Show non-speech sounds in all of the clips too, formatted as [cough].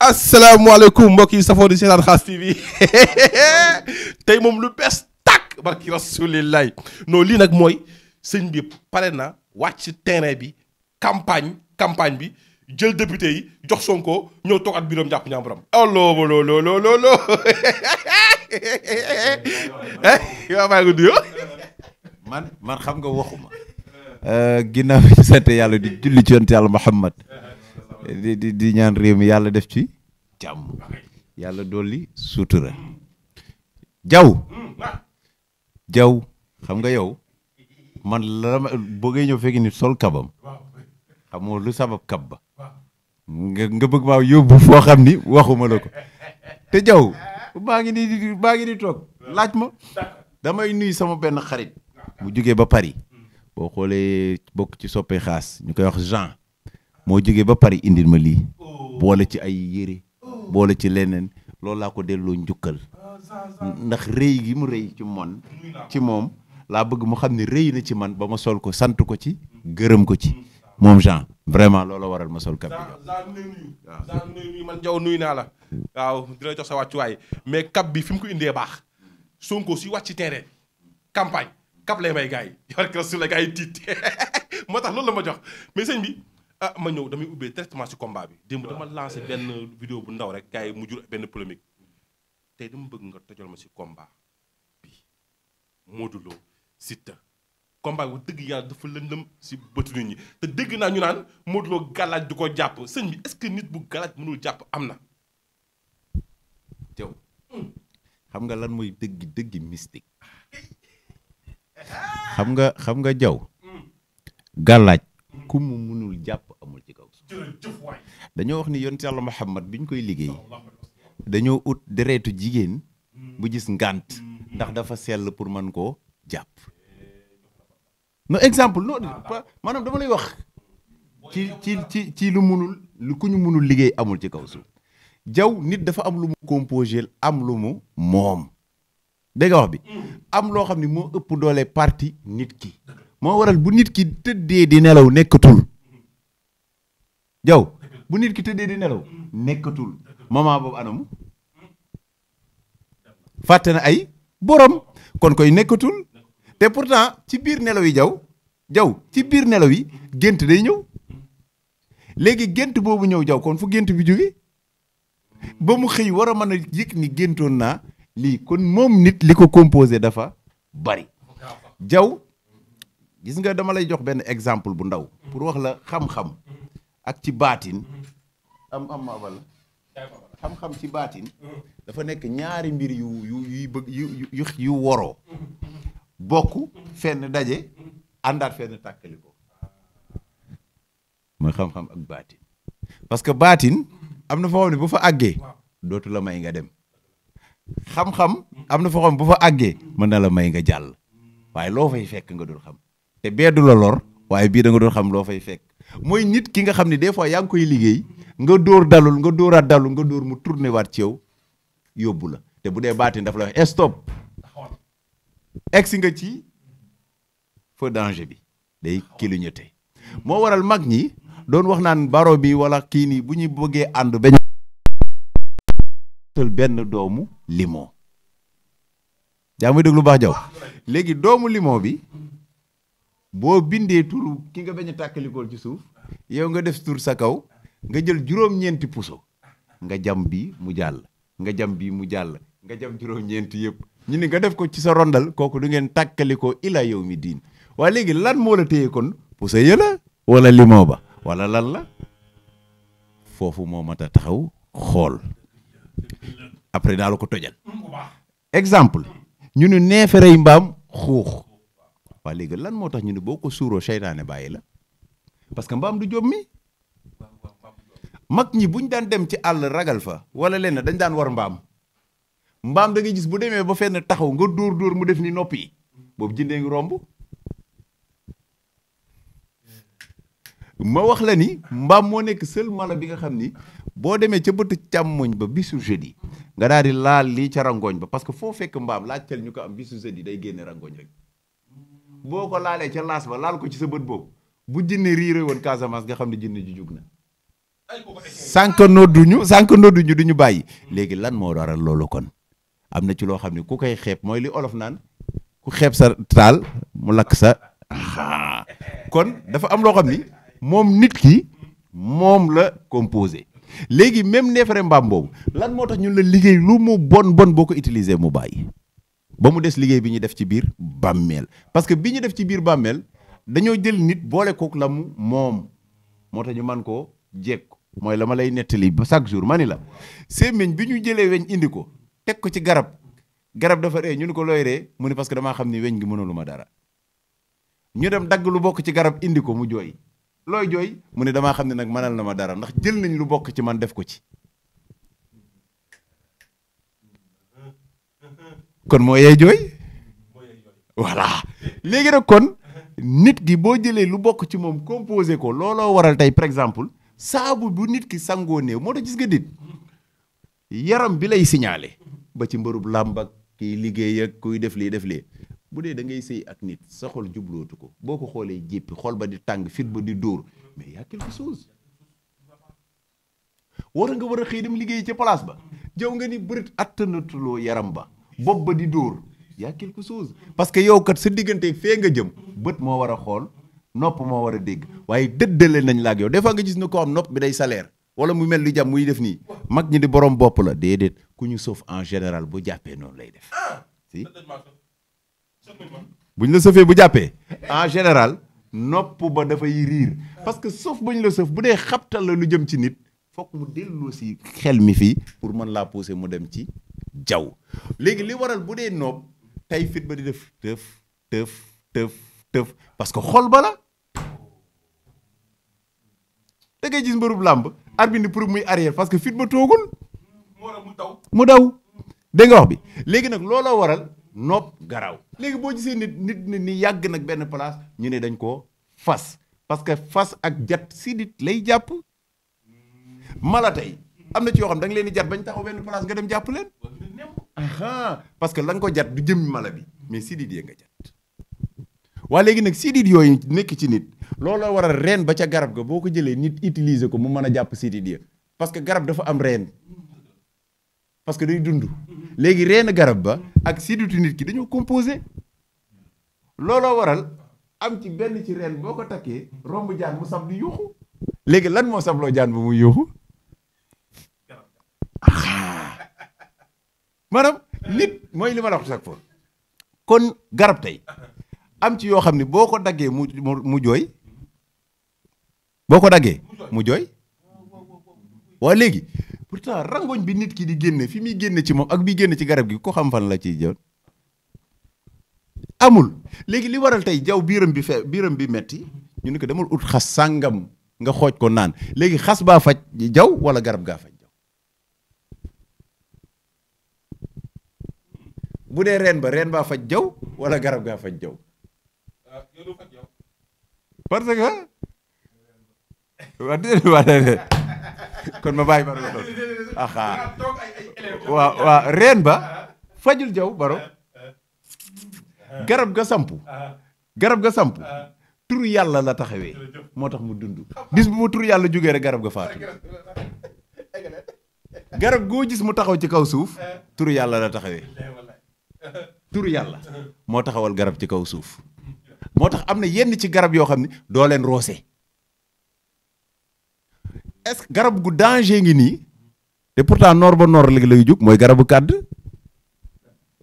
asalaamaaleykum mbokk yi safoo di seetaan Khass TV [laughs] tey moom lu bees tàkk barki rasulillahi non lii nag mooy sëñ bi pare na wàcc terrain bi campagne campagne bi jël député yi jox Sonko ñëw toog at biiram jàpp ñaambaram allo oh, loo loo loo loo [laughs] loo yow maa ngi nuyoo man xam nga waxuma euh, ginnaaw sant yàlla di julli ci yonent yàlla Muhammad di di di ñaan réew mi yàlla def ci jàmm yàlla dolli sutura jaw jaw xam nga yow man la boo ngay ñëw fekk ni sol kabam xamoo lu sabab kab ba nga bëgg maa yóbbu foo xam ni waxuma la ko te jaw maa ngi nii maa ngi nii toog laaj ma damay nuyu sama benn xarit mu jógee ba Paris boo xoolee bokk ci soppe xaas ñu koy wax Jean moo jógee ba pare indil ma lii boole ci ay yére boole ci leneen loolu laa ko delloo njukkal ndax rëy gi mu rëy ci mon ci moom laa bëgg mu xam ne rëy na ci man ba ma sol ko sant ko ci gërëm ko ci moom Jean vraiment loolu waral ma sol cap bi nuyu naa la waaw di jox sa wàccuwaay mais cap bi fi mu ko indee baax Sonko si wàcc ci terrain campagne cap lay may gars yi [laughs] moo tax la ma jox mais sëñ bi ah ma ñëw damay ubbee directement ci combat bi. démb dama lancé benn vidéo bu ndaw rek gars yi mu jur benn polémique tey dama bëgg nga tojal ma ci komba bi Modou Lo Siteu combat bi dëgg yàlla dafa lëndëm ci bëtu te dégg naa ñu naan Modou Lo galaaj du ko jàpp sëñ bi est nit bu galaaj mënul jàpp am na. teew xam nga lan mooy dëgg dëgg mystique xam nga xam nga jaw hmm. galaaj ku mu munul jàpp amul ci kaw dañoo wax ni yonent yàlla Muhammad bi ñu koy liggéey dañoo ut deretu jigéen mm. bu gis ngànt mm. ndax dafa sell pour man koo jàpp no exemple non maanaam dama lay wax ci ci ci ci lu munul ku ñu munul liggéey amul ci kaw suuf jaw nit dafa am lu mu composé am lu mu moom dégg wax bi mm. am loo xam ne moo ëpp doole parti nit ki moo waral bu nit ki tëddee di nelaw nekkatul jaw bu nit ki tëddee di nelaw nekkatul moment boobu anamu fàtte na ay boroom kon koy nekkatul te pourtant ci biir nelaw yi jaw jaw ci biir nelaw yi gént day ñëw léegi gént boobu ñëw jaw kon fu gént bi jóge ba mu xëy war a mën a yëg ni géntoon naa lii kon moom nit li ko composé dafa bari gis nga dama lay jox benn exemple bu ndaw pour wax la xam-xam ak ci baatin xam-xam ci baatin dafa nekk ñaari mbir yu yu yuy yu yu woroo bokk fenn daje àndaat fenn tàkkali ko xam-xam ak baatin parce que baatin am na foo xam ne bu fa àggee dootu la may nga dem xam-xam am na foo xam ne bu fa àggee mën na la may nga jàll waaye loo fay fekk nga dul xam te bee du la lor waaye bii danga doon xam loo fay fekk mooy nit ki nga xam ne des fois yaa ngi koy liggéey nga dóor dalul nga dóoraat dalul nga dóor mu tourné waat ci yow yóbbu la te bu dee baatin daf la wax eh, stop egsi nga ci fa danger bi day clignoter moo waral mag ñi doon wax naan baro bi wala kii nii bu ñu bëggee ànd bañ tël benn doomu limon yaa muy déglu baax jaw léegi doomu limon bi boo bindee tur ki nga bañ a tàkkalikool ci suuf yow nga def tur sa kaw nga jël juróom-ñeenti puso nga jam bii mu jàll nga jam bii mu jàll nga jam juróom-ñeenti yëpp ñu ni nga def ko ci sa rondal kooku du ngeen tàkkalikoo ila yow mi diin waa léegi lan moo la téye kon puso ya la wala limon ba wala lan la foofu moo mat a taxaw xool après naa la ko tojal exemple ñu ne neeferey mbaam xuux waa lan moo tax ñu ne boo ko suuroo seytaane bàyyi la parce que mbaam du jom mag ñi bu ñu daan dem ci àll ragal fa wala lenn dañ daan war mbaam mbaam da ngay gis bu demee ba fenn taxaw nga dóor dóor mu def ni nopp yi boobu jëndee ngi romb ma wax la ni mbaam moo nekk seul mala bi nga xam ni boo demee ca bëtt càmmoñ ba bisu jeudi nga daal di laal lii ca rangooñ ba parce que foo fekk mbaam laajteel ñu ko am bisu jeudi day génne rangooñ rek boo ko laalee ca laas ba laal ko ci sa bët boobu bu jinne riire woon Casamance nga xam ne jinne ji jug na ñu nodduñu sànq du ñu bàyyi léegi lan moo waral loolu kon am na ci loo xam ne ku koy xeeb mooy li olof naan ku xeeb sa taal mu lakk sa kon dafa am loo xam ni moom nit ki moom la composé léegi même neefere mbaam boobu lan moo tax ñu la liggéey lu mu bon bon boo ko utiliser mu bàyyi ba mu des liggéey bi ñu def ci biir bàmmeel parce que bi ñu def ci biir bàmmeel dañoo jël nit boole kook la mu moom moo tax ñu man koo jekk mooy la ma lay nettali ba chaque jour ma ni la sémmiñ bi ñu jëlee weñ indi ko teg ko ci garab garab dafa ree ñu ni ko looy ree mu ne parce que damaa xam ni weñ gi mënulu ma dara ñu dem dagg lu bokk ci garab indi ko mu jooy looy jooy mu ne damaa xam ne nag mënal na ma dara ndax jël nañ lu bokk ci man def ko ci kon moo yey jooy léegi nag kon nit ki boo jëlee lu bokk ci moom composé ko looloo waral tey par exemple saabu bu nit ki sangoo néew moo tax gis nga nit yaram bi lay siñaale ba ci mbëru làmb ak kiy liggéey ak kuy def lii def lii bu dee dangay ngay sëy ak nit sa xol jublootu ko boo ko xoolee jéppi xol ba di tàng fit ba di dóor mais y a chose war nga war a xëy dem liggéey ci place ba jëw nga ni bërit attanatuloo yaram ba bopp ba di dóor y a quelque chose parce que yow kat sa digganteeg fee nga jëm bët moo war a xool nopp moo war a dégg waaye dëddale nañ la ak yow des nga gis ne ko am nopp bi day salaire wala mu mel ni jàmm muy def nii mag ñi di borom bopp la déedéet ku ñu soof en général bu jàppee noonu lay def si buñ la sëfee bu jàppee en général nopp ba dafay riir parce que sëf bañ la sëf bu dee xabtal la lu jëm ci nit foog mu dellu si xel mi fii pour mën laa pousser mu dem ci jaw léegi li waral bu dee noob tey fit ba di def tëf tëf tëf tëf parce que xol bala la da ngay làmb arbitre pour muy arrière parce que fit ba toogul mu daw mu daw dégg wax bi léegi nag looloo waral noob garaaw léegi boo gisee nit nit ni ni yàgg nag benn place ñu ne dañ ko fas parce que fas ak jat sidit lay jàpp malatey am na ci yoo xam da nga leen di jat bañ taxaw benn place nga dem jàpp leen. aha parce que la nga ko jat du jëm mala bi mais sidid yee nga jat. waa léegi nag sidid yooyu nekk ci nit looloo war a reen ba ca garab ga boo ko jëlee nit utiliser ko mu mën a jàpp sidid ya parce que garab dafa am reen parce que day dund. léegi reenu garab ba ak siditu nit ki dañoo composé looloo waral am ci benn ci reen boo ko takkee romb jaan mu sab di yuuxu léegi lan moo sabloo jaan ba muy yuuxu. [laughs] maanaam nit mooy li ma la wax kon garab tey am ci yoo xam ne boo ko daggee mu mu jooy boo ko daggee mu jooy waa léegi pour pourtant rangoñ bi nit ki di génne fi muy génne ci moom ak bi génne ci garab gi ko xam fan la ciy joon amul léegi li waral tey jaww biiram bi fe biiram bi metti ñu ne ko demal ut xas sàngam nga xooj ko naan léegi xas baa faj jaw wala garab gaa faj bu dee reen ba reen baa faj jaw wala garab gaa faj jaw parce que kon ma bàyyi baro doon axaa ah, ah. waaw waaw reen ba fajul jaw baro garab ga samp garab ga samp turu yàlla la taxawee moo tax mu dund bis bu ma turu yàlla jógee rek garab ga faatu garab goo gis mu taxaw ci kaw suuf tur yàlla la taxawee tur yàlla moo taxawal garab ci kaw suuf moo tax am na yenn ci garab yoo xam ne doo leen roose est-ce que garab gu danger ngi nii te pourtant noor ba noor léegi lay jug mooy garabu kàdd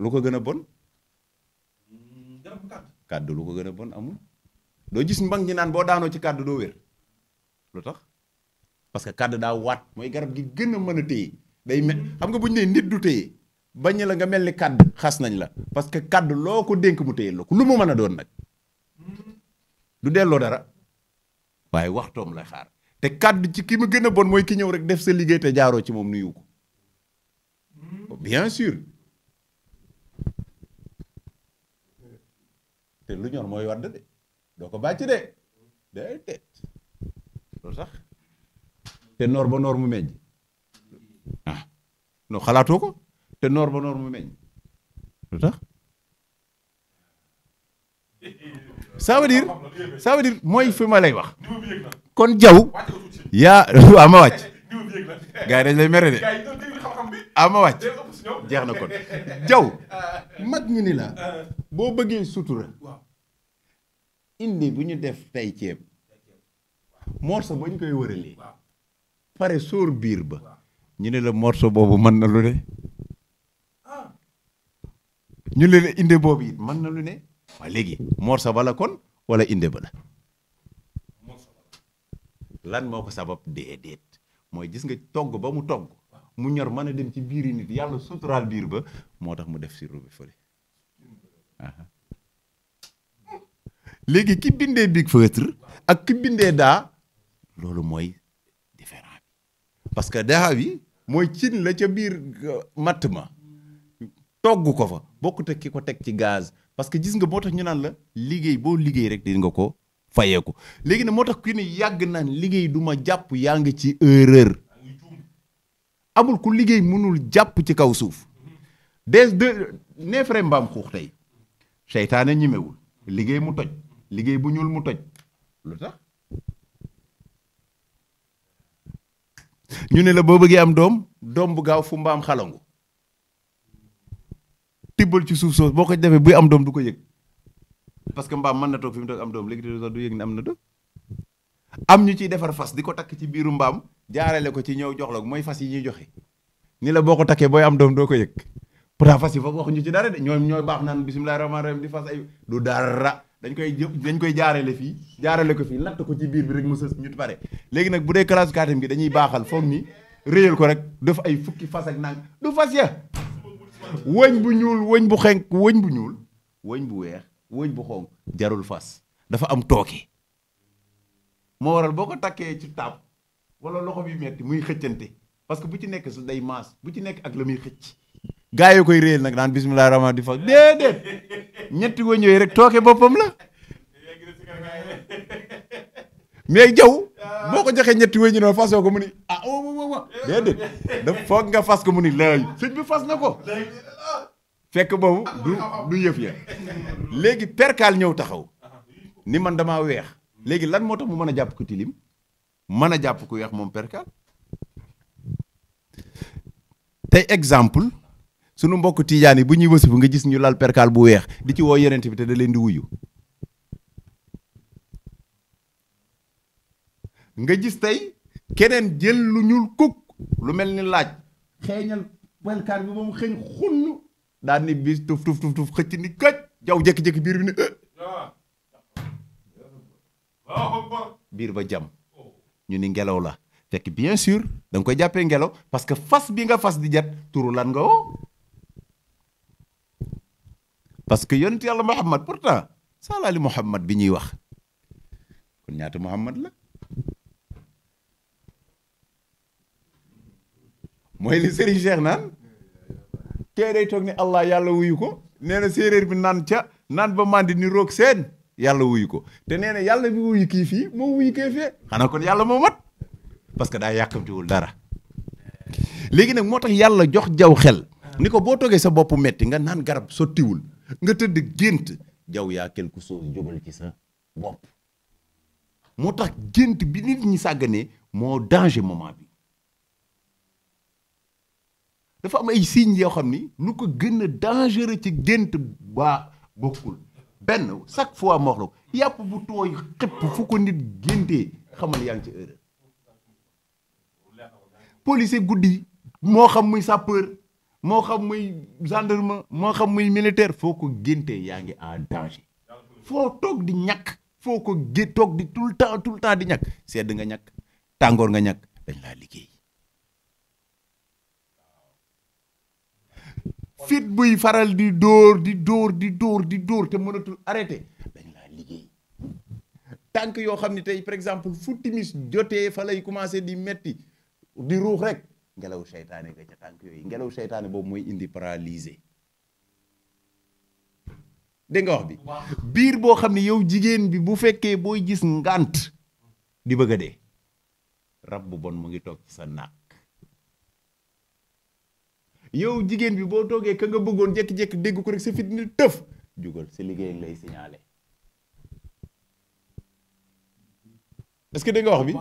lu ko gën a bon kàdd lu ko gën a bon amul doo gis mbang ñi naan boo daanoo ci kàdd doo wér lu tax parce que kàdd daa waat mooy garab gi gën a mën a téye day met xam nga bu ñu nit du téye bañ la nga mel ni kàdd xas nañ la parce que kàdd loo ko dénk mu téyel la ko lu mu mën a doon nag lu delloo dara waaye waxtoom la xaar te kàdd ci ki mu gën a bon mooy ki ñëw rek def sa liggéey te ci moom nuyu ko bien lu ñor mooy wadd de doo ko bàcc de sax te noor ba noor mu meññ ah xalaatoo ko te noor ba noor mu meññ lu tax [laughs] mooy fi ma lay wax kon jaw yaa waaw ma wàcc [laughs] [laughs] gars yi dañ lay mere de ah ma wàcc jeex na kon jaw ah. mag ñu ni la ah. boo bëggee sutura indi bu ñu def tey ceeb morso ba ñu koy wëralee pare sóor biir ba ñu ne la morso boobu mën na lu de ñu leen inde boobu it man na lu ne waa léegi morsa ba kon wala inde ba la lan moo ko sabab déedéet mooy gis nga togg ba mu togg mu ñor mën a dem ci biir biiri nit yàlla suturaal biir ba moo tax mu def si rubi fële léegi ki bindee Big Feutre ak ki bindee daa loolu mooy différent bi parce que daa bi mooy cin la ca biir euh, matt ma togg ko fa bokk ak ki ko teg ci gaz parce que gis nga moo tax ñu naan la liggéey boo liggéey rek di nga ko fayeeku léegi nag moo tax ku ne yàgg naan liggéey du ma jàpp yaa ngi ci erreur amul ku liggéey mënul jàpp ci kaw suuf des de neefere mbaam xuux tey seytaane ñimewul liggéey mu toj liggéey bu ñuul mu toj lu tax ñu ne la boo bëggee am doom doom bu gaaw fu mbaam xalangu tibbal ci suuf soosu boo ko defee buy am doom du ko yëg parce que mbaam mën na fi mu toog am doom léegi du yëg ne am na doom am ñu ciy defar fas di ko takk ci biiru mbaam jaarale ko ci ñëw jox la mooy fas yi ñuy joxe ni la boo ko takkee booy am doom doo ko yëg pourtant fas yi foog waxuñu ci dara de ñooy baax naan bisimilah rahmaani rahim di fas ay du dañ koy jë dañ koy jaarale fii jaarale ko fii natt ko ci biir bi rek mu sës ñu pare léegi nag bu dee classe kaatim gi dañuy baaxal foog ni réyal ko rek def ay fukki fas ak nang du fas ya wëñ bu ñuul wëñ bu xenk wëñ bu ñuul wëñ bu weex wëñ bu xonk jarul fas dafa am tooke moo waral boo ko takkee ci taab wala loxo bi metti muy xëccante parce que bu ci nekk su day maas bu ci nekk ak la muy xëcc gaa yi koy réel nag daan bisimilah rahmaan di fas [laughs] déedéet ñetti wëñ yooyu rek tooke boppam la mais jaw boo ko joxee ñetti wéy ñu noonu fasoo ko mu ni ah waaw waaw waaw déedéet da foog nga fas ko mu ni laay sëñ bi fas na ko fekk boobu du du yëf ya léegi perkaal ñëw taxaw ni man dama weex léegi lan moo tax mu mën a jàpp ko tilim mën a jàpp ko weex moom perkaal tey exemple sunu mbokk tiijaan yi bu ñuy wasifu nga gis ñu lal perkaal bu weex di ci woo yeneen bi te da leen di wuyu nga gis tey keneen jël lu ñuul kuk lu mel ni laaj xeeñal welkaar bi moom mu xëeñ xunn daal ni bis tuf tuf tuf xëcc ni kaj jaw jékki-jékki biir bi ne biir ba jam ñu ni ngelaw la fekk bien sûr da koy jàppee ngelaw parce que fas bi nga fas di jat turu lan nga woo parce que yonent yàlla Muhammad pourtant saalaali Muhammad bi ñuy wax kon ñaata Muhammad la mooy li Serigne Cheikh naan kee day toog ne allah yàlla wuyu ko nee na séeréer bi naan ca naan ba mandi ni roog seen yàlla wuyu ko te nee na yàlla bi wuyu kii fii moo wuyu kee fee xanaa kon yàlla moo mat parce que daa yàkkamtiwul dara léegi nag moo tax yàlla jox jaw xel ni ko boo toogee sa bopp metti nga naan garab sottiwul nga tëdd gént jaw yaa quelque chose jógal ci sa bopp moo tax gént bi nit ñi sàgganee moo danger moment bi dafa am ay signes yoo xam ni nu ko gën a dangereux ci gént baa bokkul benn chaque fois ma wax ko yàpp bu tooy xëpp fu ko nit géntee xamal yaa ngi ci erreur policier guddi moo xam muy sapeur moo xam muy gendarme moo xam muy militaire foo ko géntee yaa ngi en danger foo toog di ñàkk foo ko gé toog di tout le temps tout temps di ñàkk sedd nga ñàkk tàngoor nga ñàkk dañ laa liggéey fit buy faral di dóor di dóor di dóor di dóor te mënatul arrêté dañ laa liggéey tànk yoo xam ne tey par exemple fu timis jotee fa lay commencé di metti di ruux rek ngelaw seytaane nga ca tànk yooyu ngelaw seytaane boobu mooy indi paralysé dégg wax bi biir boo xam ne yow jigéen bi bu fekkee booy gis ngant di bëgg a dee rab bu bon mu ngi toog ci sa naaq yow jigéen bi boo toogee ka nga bëggoon jékki-jékki dégg ko rek sa fit ni tëf jugal sa liggéey lay signalé est que da nga wax bi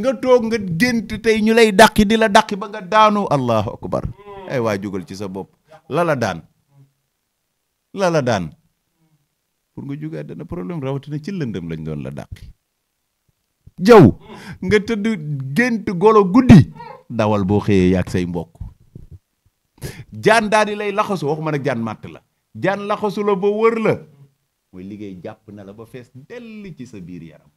nga toog nga gént tey ñu lay dàqi di la dàqi ba nga daanu allahu akbar mm. ay waa jugal ci sa bopp la la daan la la daan pour nga jugaat dana problème rawatina ci lëndëm lañ doon la dàqi jaw mm. nga tëdd gént golo guddi dawal boo xëyee yàgg say mbokk jaan daal di lay laxasu waxuma nag jaan màtt la jaan laxasu la ba wër la mooy liggéey jàpp na la ba fees dell ci sa biir yaram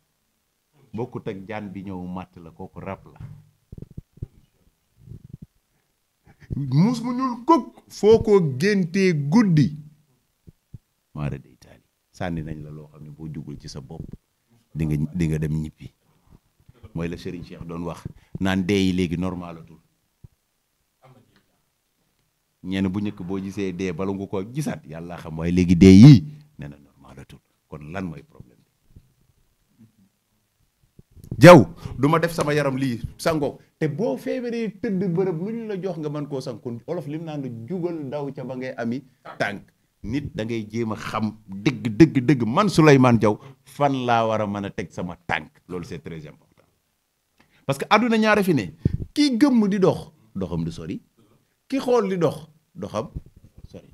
bokkut ak jaan bi ñëw màtt la kooku rab la muus mu ñuul kukk foo ko géntee guddi maara sànni nañ la loo xam ne boo jugul ci sa bopp di dinga dem ñibbi mooy la Serigne Cheikh doon wax naan dee yi léegi normalatul ñenn bu njëkk boo gisee dee bala nga ko gisaat yàlla xam waaye léegi dee yii nee na normalatul kon lan mooy problème bi jaw du def sama yaram lii sangoo te boo feebaree tëdd bërëb lu ñu la jox nga mën koo sang kon olof lim naan jugal daw ca ba ngay ami tànk nit da ngay jéem a xam dëgg dëgg dëgg man Souleymane jaw fan laa war a mën a teg sama tànk loolu c'est très important parce que àdduna ñaare fi ne kii gëmm di dox doxam du sori ki xool li dox doxam sori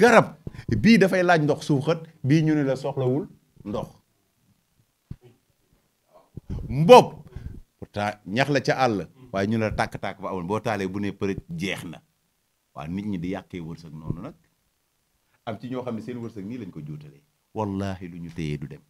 garab bii dafay laaj ndox suuxat bii ñu ne la soxlawul ndox mbopp pourtant ñax la ca àll waaye ñu ne la tàkk-tàkk ba amul boo taalee bu ne përë jeex na waaw nit ñi di yàqee wërsëg noonu nag am ci ñoo xam ne seen wërsëg nii lañ ko juutalee wallahi lu ñu téyee du dem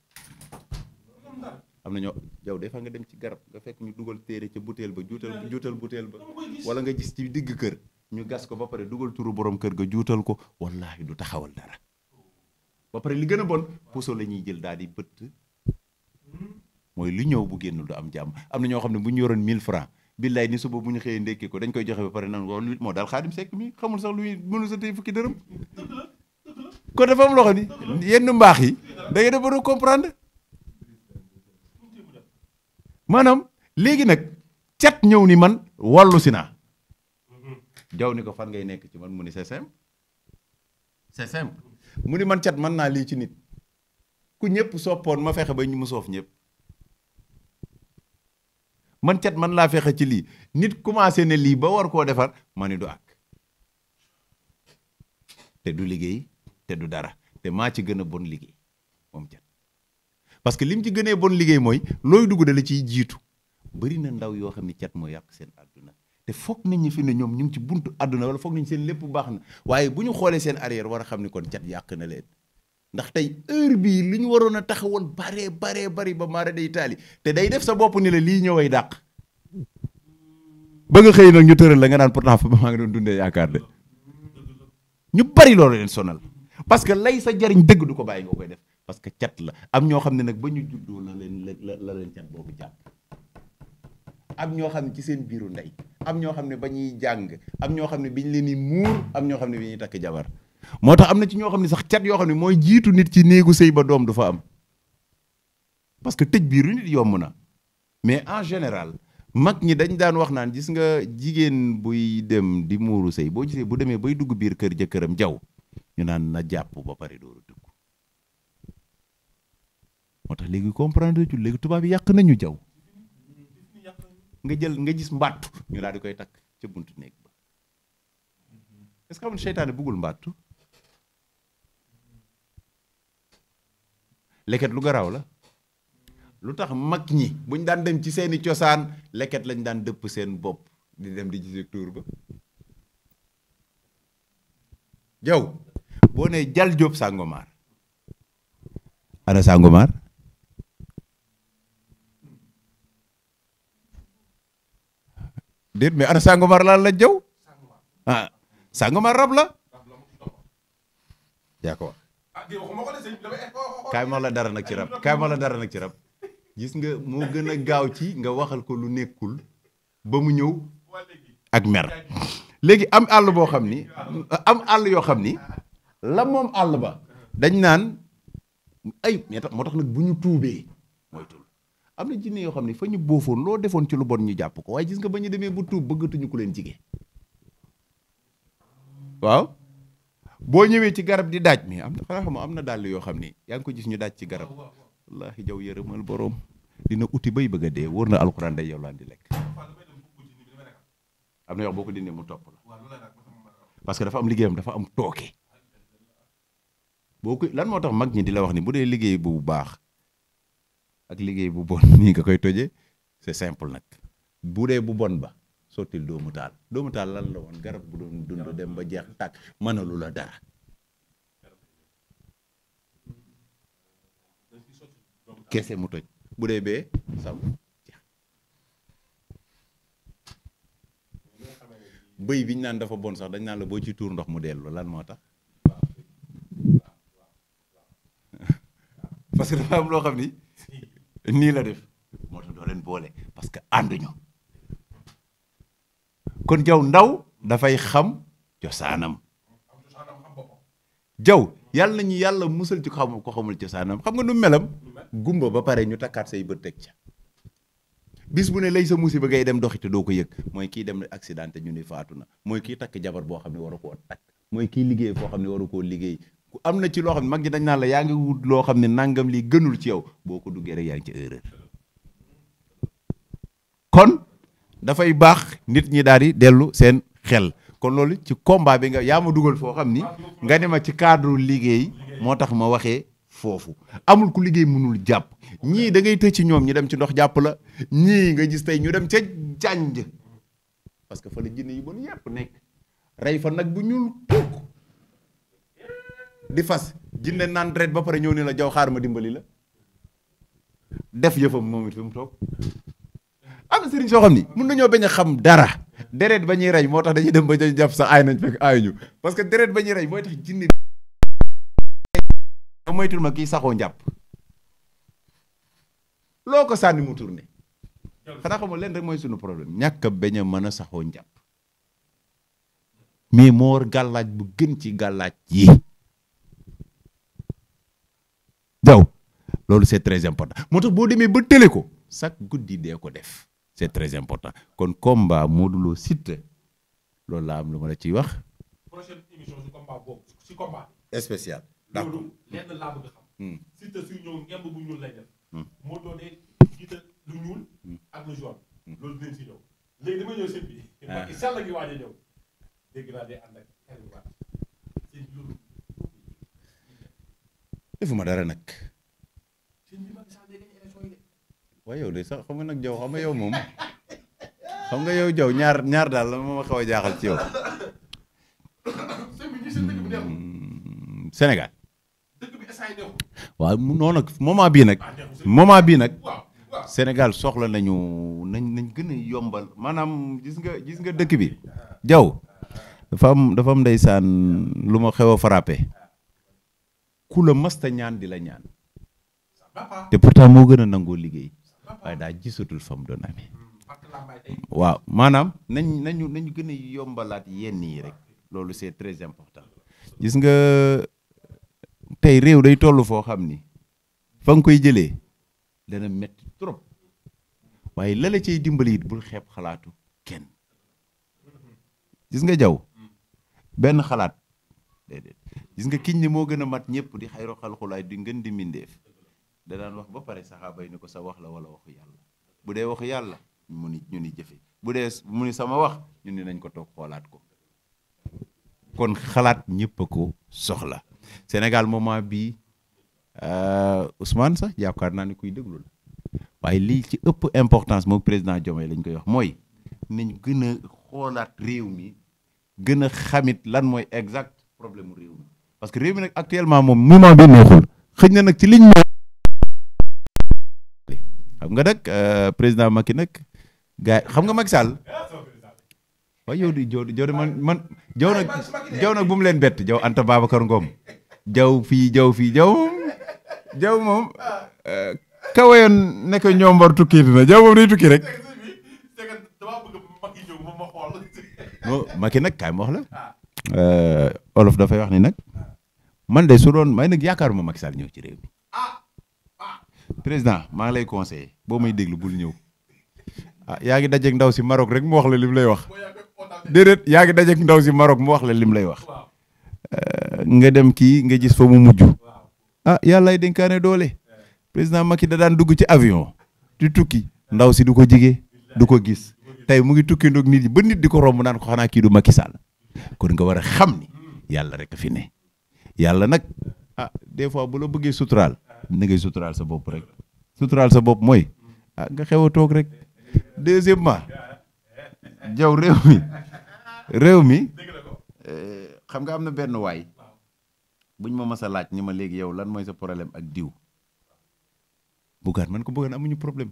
am na ñoo yow des nga dem ci garab nga fekk ñu dugal téere ca butéel ba juutal juutal butéel ba wala nga gis ci digg kër ñu gas ko ba pare dugal turu boroom kër ga juutal ko wallaahi du taxawal dara ba pare li gën a bon puso la ñuy jël daal di bëtt mooy lu ñëw bu génn du am jàmm am na ñoo xam ne bu ñu yoroon 1000 francs billaay ni suba bu ñu xëyee ndekki ko dañ koy joxe ba pare nan woon moo daal xaadim sekk mi xamul sax luy mënu sa tey fukki dërëm kon dafa am maanaam léegi nag cat ñëw ni man wàllu si naa jaw ni ko fan ngay nekk ci man mu ni c'est mu ni man cat mën naa lii ci nit ku ñëpp soppoon ma fexe ba ñu mu soof ñëpp man cat man laa fexe ci lii nit commencé ne lii ba war koo defar ma ni du ak te du liggéey te du dara te maa ci gën a bon liggéey moom cat parce que lim ci gënee bon liggéey mooy looy dugg dala ciy jiitu bëri na ndaw yoo xam ne cat moo yàq seen àdduna te foog nañ ñu fi ne ñoom ñu ngi ci buntu àdduna foog nañ seen lépp baax na waaye bu ñu xoolee seen arrière war a xam ni kon cat yàq na leen ndax tey heure bii li ñu waroon a taxawoon baree baree bari ba maara day taali te day def sa bopp ni la lii ñëway dàq ba nga xëy nag ñu tëral la nga naan pourtant fa ba maa ngi doon dundee yaakaar de ñu bari loolu leen sonal parce que lay sa jariñ dëgg du ko bàyyi nga koy def parce que cat la am ñoo xam ne nag ba ñu juddoo la leen leen cat boobu jàpp am ñoo xam ne ci seen biiru ndey am ñoo xam ne ba ñuy jàng am ñoo xam ne bi ñu leen di muur ñoo xam ne bi ñuy takk jabar moo tax am na ci ñoo xam ne sax cat yoo xam ne mooy jiitu nit ci néegu sëy ba doom du fa am parce que tëj biiru nit yomb na mais en général mag ñi dañ daan wax naan gis nga jigéen buy dem di muuru sëy boo gisee bu demee bay dugg biir kër jëkkëram jaw ñu naan na jàpp ba pare dooru moo tax léegi comprendre tu léegi tubaab yi yàq nañu jaw nga jël nga gis mbattu ñu daal di koy takk ca bunt néeg ba est-ce seytaane bëggul mbattu leket lu garaaw la lu tax mag ñi buñ daan dem ci seeni cosaan leket lañ daan dëpp seen bopp di dem di gise tuur ba jaw boo nee jal jóob sàngomaar ana sàngomaar déet mais ana Sangomar laa la jëw ah Sangomar rab la yaa ko wax ah, oh, oh, oh. kaay ma la dara nag ci rab kaay dara nag ci gis nga moo gën a gaaw ci nga waxal ko lu nekkul ba mu ñëw ak mer léegi am àll boo xam ni am àll yoo xam ni la moom àll ba dañ naan ay moo tax nag bu ñu tuubee am na jinne yoo xam ne fa ñu boofoon loo defoon ci lu bon ñu jàpp ko waaye gis nga ba ñu demee bu tuub bëggatuñu ku leen jige waaw boo ñëwee ci garab di daaj mi am na am na dàll yoo xam ni yaa ngi ko gis ñu daaj ci garab wallaahi jaw yërëmal boroom dina uti bay bëgg a dee wóor na alxuraan day yow laan di lekk am na yoo xam boo ko dindee mu topp la parce que dafa am liggéeyam dafa am tooke boo ko lan moo tax mag ñi di la wax ni bu dee liggéey bu baax ak liggéey bu bon [laughs] nii nga koy tojee c'est simple nag bu dee bu bon ba sottil doomu taal doomu taal lan la woon garab bu doon dund dem ba jeex tàkk mënalu la dara. kese mu toj bu dee bee saw bëy bi ñu naan dafa bon sax dañ naan la boo ci tuur ndox mu dellu lan moo tax parce dafa am loo xam ni nii la def moo tax doo leen boole parce que ànduñu kon jaw ndaw dafay xam cosaanam jaw yàlla ñu yàlla musal ci xam ko xamul cosaanam xam nga nu melam gumba ba pare ñu takkaat say bët teg ca bis bu ne lay sa musiba ngay dem doxi te doo ko yëg mooy kii dem accidenté ñu ni faatu na mooy kii takk jabar boo xam ne waru koo takk mooy kii liggéey foo xam ne waru koo liggéey ku am na ci loo xam ne mag ñi dañ naa la yaa ngi wut loo xam ne nangam lii gënul ci yow boo ko duggee rek yaa ngi ci erreur kon dafay baax nit ñi daal di dellu seen xel kon loolu ci combat bi nga yaa ma dugal foo xam ni nga ci cadre liggéey moo tax ma waxee foofu amul ku liggéey mënul jàpp ñii dangay ngay tëj ci ñoom ñu dem ci ndox jàpp la ñii nga gis tey ñu dem ca jànj parce fa la jinne yu bon yàpp nekk rey fa nag bu ñuul kukk di fas jinne naan dret ba pare ñëw ne la jaw xaar ma dimbali la def yëfam moom it fi mu toog am na soo xam ni mun nañoo bañ a xam dara deret ba ñuy rey moo tax dañuy dem ba dañuy jàpp sax aay nañ fekk ñu parce que deret ba ñuy rey mooy tax jinne moytul ma kii saxoo njàpp loo ko sànni mu turne xanaa xamul leen rek mooy sunu problème ñàkk a bañ a mën a saxoo njàpp mais moo war gàllaaj bu gën ci gàllaaj yi daw loolu c'est très important moo tax boo demee ba tële ko chaque guddi dee ko def c'est très important kon combat Modou Lo Siteu loolu laa am lu ma la ciy wax. prochaine émission si combat boobu si combat. xam. Hmm. Siteu ñëw ngemb bu ñuul lay def. Hmm. moo doonee jiital lu ñuul. Hmm. ak lu jaune. loolu dinañ si ñëw léegi dama ñëw sëñ bi. waaw ah. te Macky Sall gi a ñëw dégg naa defuma dara nag. waaye yow de nag jaw yow moom xam nga yow jaw ñaar ñaar daal la jaaxal ci yow. Hmm, Sénégal. waaw non nag bii nag. Ah, bii nag. Sénégal soxla nañu nañ nañ gën a maanaam gis nga gis nga dëkk bi. jaw dafa am dafa am lu ma xew a frappé. ku la mësta ñaan di la ñaan te pourtant moo gën a nangoo liggéey waaye daa gisatul fa mu doon amee hmm, waaw maanaam nañ nañu nañu gën a yombalaat yenn yi rek loolu c'est très important gis nga tey réew day toll foo xam ni fa nga koy jëlee dana metti trop waaye la la cay dimbali bul xeeb xalaatu kenn gis nga jaw hmm. benn xalaat gis nga kiñ ni moo gën a mat ñëpp di xayru xalxulaay di ngën di mindeef da daan wax ba pare saxaaba yi ni ko sa wax la wala waxu yàlla bu dee waxu yàlla mu ni ñu ni jëfe bu dee mu ni sama wax ñu ni nañ ko toog xoolaat ko kon xalaat ñëpp a ko soxla Sénégal moment bii euh, Ousmane sax yaakaar naa ni kuy déglu la waaye lii ci ëpp importance moom président Diomaye lañ koy wax mooy nañ gën a xoolaat réew mi gën a xamit lan mooy exact problème mu réew mi parce que réew mi nag actuellement moom moment bi neexul xëj na nag ci liñ xam nga nag euh, président Macky nag gars xam nga Macky Sall waaye yow di jow jow de man man jow nag jow nag bu mu leen bett jow Anta Babacar Ngom jaw fii jaw fii jaw moom jaw moom euh, kawayoon nekk ñoombar tukki dina jaw moom day tukki rek [laughs] Macky nag kaay ma wax la euh, olof dafay wax ni nag man de su doon may nag yaakaar ma Macky Sall ñëw ci réew mi ah, ah. président maa ngi lay conseillé boo may déglu bul ñëw ah yaa ngi dajeeg ndaw si Maroc rek mu wax la lim lay wax déedéet yaa ngi dajeeg ndaw si Maroc mu wax la lim lay wax eh, nga dem kii nga gis fa mu mujj ah yàllaay dénkaane doole eh. président Macky da daan dugg ci avion di tukki ndaw si du ko jigee du ko gis tey mu ngi tukki ndoog nit yi ba nit di ko romb daan ko xanaa kii du Macky Sall kon nga war a xam ni hmm. yàlla rek a fi ne. yàlla nag ah des fois bu la bëggee suturaal na ngay suturaal sa bopp rek suturaal sa bopp mooy ah, nga xew a toog rek deuxièmement jaw réew mi réew mi eh, xam nga am na benn waay buñ ma mas laaj ni ma léegi yow lan mooy sa problème ak diw bugaat man ko mu ñu problème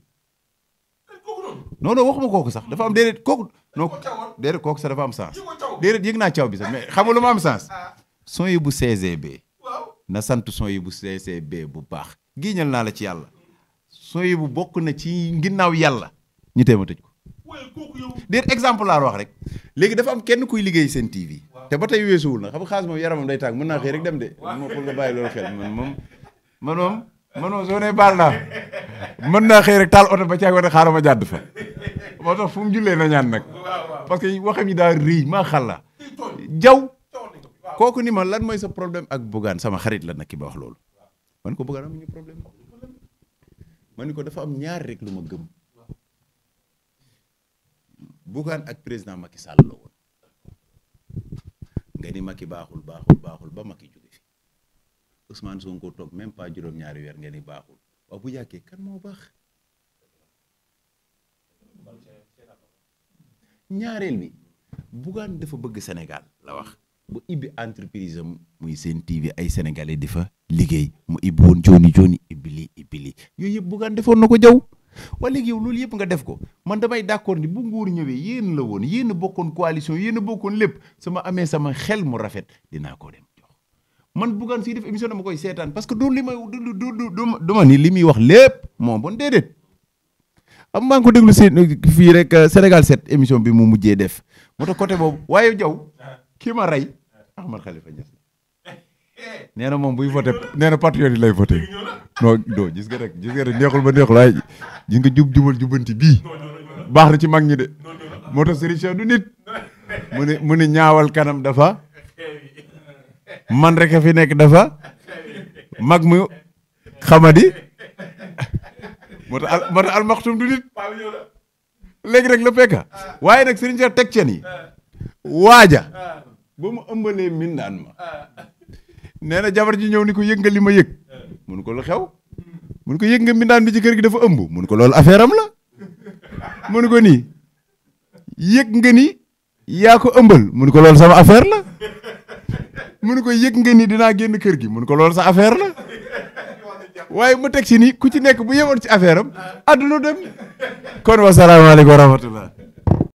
non wax waxuma kooku sax dafa am déedéet kooku non déedéet kooku sax dafa am sens déedéet yëg naa caw bi sax mais xam nga lu ma am sens ah. son yi bu CGB. waaw na sant son yi bu CGB bu baax. giiñal naa la ci yàlla. son yi bu bokk na ci ginnaaw yàlla. ñu tee ma tëj ko. déet exemple laa wax rek. léegi dafa am kenn kuy liggéey seen TV. te ba tey weesuwul na xam nga xaalis moom yaramam day tàng mën naa xëy dem de. waaw moom pour nga bàyyi loolu man moom. man moom man soo nee baal naa mën naa xëy rek taal oto ba caag wala xaaral ma jàdd fa. moo tax fu mu jullee na ñaan nag. parce que waxam yi daal rëy maa xàlla jaw kooku ni ma lan mooy sa problème ak Bougane sama xarit la nag ki ba wax loolu man ko Bougane amuñu problème ma ni ko dafa am ñaar rek ma gëm Bougane ak président Macky Sall la woon nga ni Macky baaxul baaxul baaxul ba Macky jóge fi Ousmane Sonko toog même pas juróom-ñaari weer nga ni baaxul waaw bu yàggee kan moo baax ñaareel bi Bougane dafa bëgg Sénégal la wax bu ibbi entreprise am muy seen TV ay sénégalais di fa liggéey mu ibbi woon jooni jooni ibbi lii ibbi lii yooyu yëpp buggaan defoon na ko jaw wala léegi loolu yëpp nga def ko man damay d'accord ni bu nguur ñëwee yéen la woon a bokkoon coalition yéen a bokkoon lépp sama amee sama xel mu rafet dinaa ko dem jox man buggaan suy def émission dama koy seetaan parce que doon li may du du du ma ni li muy wax lépp moo bon déedéet am maa ngi ko fii rek euh, Sénégal 7 émission bi mu mujjee def moo côté boobu waaye jaw ki ma rey Ahmed Khalifa Niass nee na moom buy voté nee na patriote yi lay voté non doo gis nga rek gis nga neexul ba neexul waaye gis nga jub jubal jubanti bii baax na ci mag ñi de moo tax Serigne Cheikh du nit mu ne mu ne ñaawal kanam dafa man rek fi nekk dafa mag mu xamadi moo tax moo tax almaxtum du nit léegi rek la pekka waaye nag Serigne Cheikh teg ceen yi waaja boo mu ëmbalee mindaan ma ah. nee na jabar ji ñëw ni ko yëg nga li ma yëg ah. mun ko lu xew mun ko yëg nga mindaan bi ci kër gi dafa ëmb mun ko loolu affaire am la ko nii yëg nga ni yaa ko ëmbal mun ko loolu sama affaire la mun ko yëg nga nii dinaa génn kër gi mun ko loolu sa affaire la waaye mu teg si nii ku ci nekk bu yemoon ci affaire am ah. àdduna dem kon wasalaamaaleykum wa rahmatullah